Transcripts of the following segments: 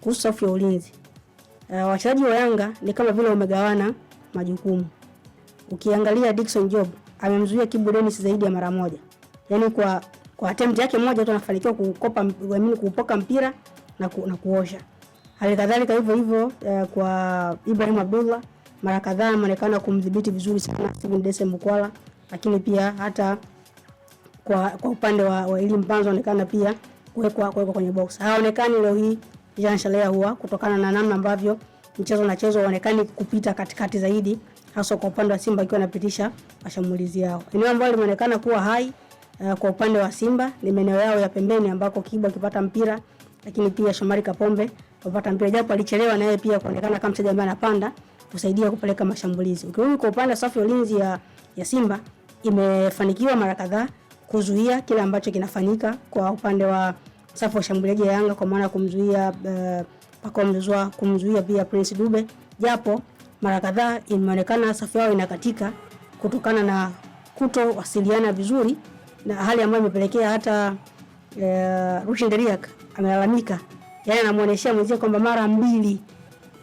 kuhusu safu ya ulinzi. Uh, wachezaji wa Yanga ni kama vile wamegawana majukumu. Ukiangalia Dickson Job amemzuia Kibu Dennis zaidi ya mara moja. Yaani kwa kwa attempt yake moja tu anafanikiwa kukopa kuamini kuupoka mpira na, ku, na kuosha. Hali kadhalika hivyo hivyo uh, kwa Ibrahim Abdullah mara kadhaa ameonekana kumdhibiti vizuri sana Steven Dese Mukwala, lakini pia hata kwa, kwa upande wa, wa ili Mpanzo anaonekana pia kuwekwa kwenye box. Haonekani leo hii kijana Shalea huwa kutokana na namna ambavyo mchezo unachezwa uonekani kupita katikati zaidi, hasa kwa upande wa Simba akiwa anapitisha mashambulizi yao. Eneo ambalo limeonekana kuwa hai uh, kwa upande wa Simba ni maeneo yao ya pembeni ambako Kibu akipata mpira, lakini pia Shomari Kapombe kupata mpira japo alichelewa naye pia kuonekana kama mchezaji ambaye anapanda kusaidia kupeleka mashambulizi. Ukirudi kwa upande wa safu ya ulinzi ya, ya Simba imefanikiwa mara kadhaa kuzuia kile ambacho kinafanyika kwa upande wa safu washambuliaji ya Yanga kwa maana ya kumzuia uh, Paco kumzuia pia Prince Dube, japo mara kadhaa imeonekana safu yao inakatika kutokana na kutowasiliana vizuri, na hali ambayo imepelekea hata uh, Rushin Deriak amelalamika, yaani anamuoneshea mwenzie kwamba mara mbili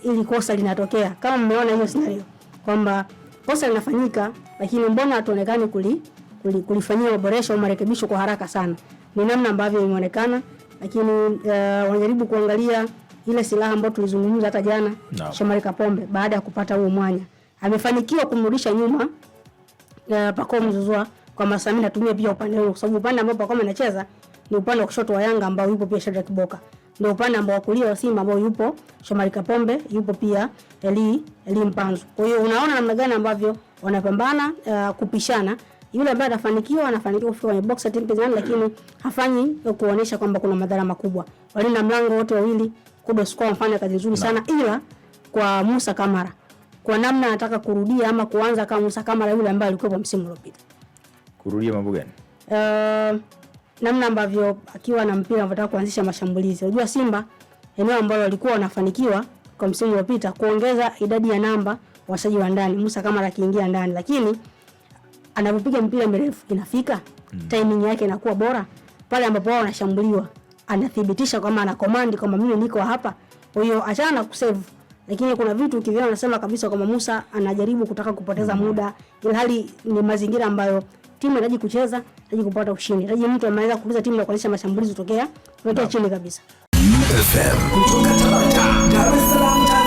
ili kosa linatokea. Kama mmeona hiyo scenario kwamba kosa linafanyika, lakini mbona hatuonekani kulifanyia kuli, kuli maboresho au marekebisho kwa haraka sana? Ni namna ambavyo imeonekana lakini uh, wanajaribu kuangalia ile silaha ambayo tulizungumza hata jana no. Shomari Kapombe baada ya kupata huo mwanya amefanikiwa kumrudisha nyuma uh, Pacome Zouzoua kwa masamini natumia pia upande huo, kwa sababu upande ambao Pacome anacheza ni upande wa kushoto wa Yanga ambao yupo pia Shadrack Boka, ndio upande ambao wa kulia wa Simba ambao yupo Shomari Kapombe, yupo pia Eli Eli Mpanzu. Kwa hiyo unaona namna gani ambavyo wanapambana uh, kupishana yule ambaye anafanikiwa anafanikiwa kufika kwenye box ya timu pinzani, lakini hafanyi kuonesha kwamba kuna madhara makubwa. Walinda mlango wote wawili, Kudos kwa mfano kazi nzuri sana, ila kwa Musa Kamara kwa namna anataka kurudia ama kuanza kama Musa Kamara yule ambaye alikuwa kwa msimu uliopita. Kurudia mambo gani? Uh, namna ambavyo akiwa na mpira anataka kuanzisha mashambulizi. Unajua Simba eneo ambalo walikuwa wanafanikiwa kwa msimu uliopita kuongeza idadi ya namba wachezaji wa ndani, Musa Kamara akiingia ndani, lakini anapopiga mpira mrefu inafika mm. timing yake inakuwa bora pale ambapo wao wanashambuliwa, anathibitisha kwamba ana command kwamba mimi niko hapa. Kwa hiyo achana na kusave, lakini kuna vitu kivyao anasema kabisa kama Musa anajaribu kutaka kupoteza mm. muda, ilhali ni mazingira ambayo timu inahitaji kucheza, inahitaji kupata ushindi, inahitaji mtu ameweza kuuliza timu na kuanzisha mashambulizi kutokea kutokea chini kabisa. FM kutoka Tabata, Dar es Salaam.